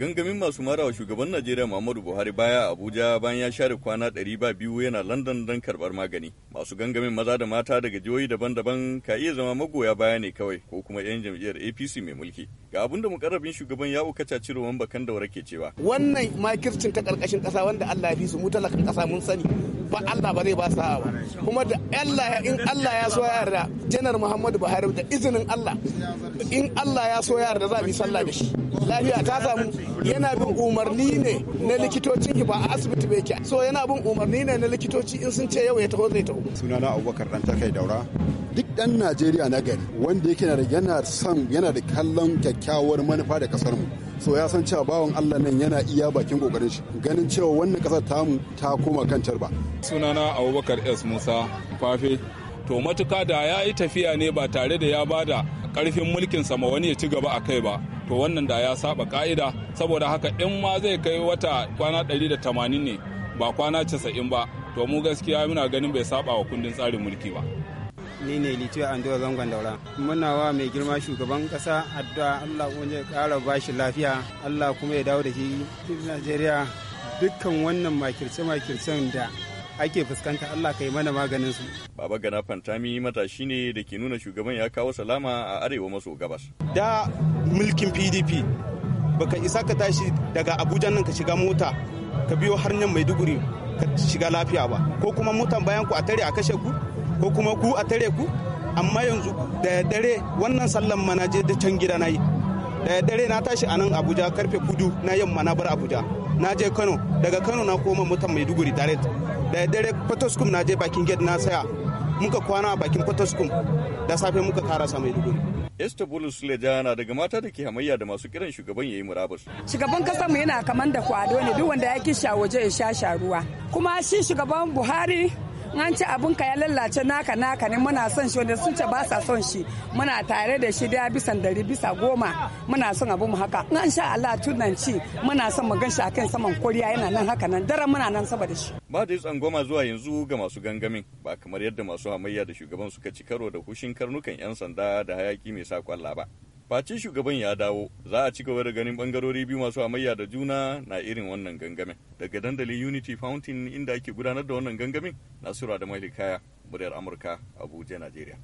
gangamin masu mara marawa shugaban najeriya muhammadu buhari baya abuja bayan ya share kwana 200 yana london don karbar magani masu gangamin maza da mata daga jihohi daban-daban ka iya zama magoya baya ne kawai ko kuma 'yan jam'iyyar apc mai mulki ga abinda mukarrabin shugaban ya kaca ciro wamba bakan daura ke cewa wannan makircin ta karkashin kasa wanda allah ya fi su mu talakan kasa mun sani ba allah ba zai ba sa'a ba kuma da allah in allah ya so yarda janar muhammadu buhari da izinin allah in allah ya so yarda za a bi sallah da shi lafiya ta samu yana bin umarni ne na likitocin ba a asibiti bai kya. so yana bin umarni ne na likitoci in sun ce yau ya taho zai taho sunana abubakar dan takai daura duk dan najeriya na gari wanda yake yana son yana da kallon kyakkyawar manufa da kasar mu so ya san cewa bawan allah nan yana iya bakin kokarin shi ganin cewa wannan kasar tamu ta koma kan ba sunana abubakar s musa fafe to matuka da ya yi tafiya ne ba tare da ya bada karfin mulkin sama wani ya ci gaba a kai ba to wannan da ya saba ka'ida saboda haka in ma zai kai wata kwana ɗari da tamanin ne ba kwana casa'in ba to mu gaskiya muna ganin bai saba wa kundin tsarin mulki ba ni ne litiya andowa zangon daura muna wa mai girma shugaban kasa addu'a allah kuma ya kara shi lafiya allah kuma ya dawo da shi najeriya dukkan wannan makirce-makircen da ake fuskanta Allah kai mana maganin su. Baba Gana Fantami matashi ne da ke nuna shugaban ya kawo salama a arewa maso gabas. Da mulkin PDP baka isa ka tashi daga Abuja nan ka shiga mota ka biyo har nan Maiduguri ka shiga lafiya ba ko kuma motan bayan ku a tare a kashe ku ko kuma ku a tare ku amma yanzu da dare wannan sallan manaje da can gida na da dare na tashi a nan Abuja karfe kudu na yamma na bar Abuja na je kano daga kano na koma mai maiduguri direct da dare potoskum na je bakin gate na saya muka kwana a bakin potoskum da safe muka karasa maiduguri Esther Bulus Suleja na daga mata da ke hamayya da masu kiran shugaban yayi murabus. Shugaban kasar mu yana kaman da kwado ne duk wanda ya kisha waje ya sha ruwa. Kuma shi shugaban Buhari an ci abun ka ya lallace naka naka ne muna son shi wanda sun ce ba sa son shi muna tare da shi da bisan dari bisa goma muna son abu mu haka an sha Allah tunan ci muna son mu gan shi akan saman koriya yana nan haka nan daren muna nan saboda shi ba da tsangwama zuwa yanzu ga masu gangamin ba kamar yadda masu hamayya da shugaban suka ci karo da hushin karnukan yan sanda da hayaki mai sa kwalla ba Face shugaban ya dawo, za a ci gaba da ganin bangarori biyu masu amayya da juna na irin wannan gangamin. Daga dandalin Unity Fountain inda ake gudanar da wannan gangamin, Nasura da Maili Kaya, muryar Amurka, Abuja, Najeriya.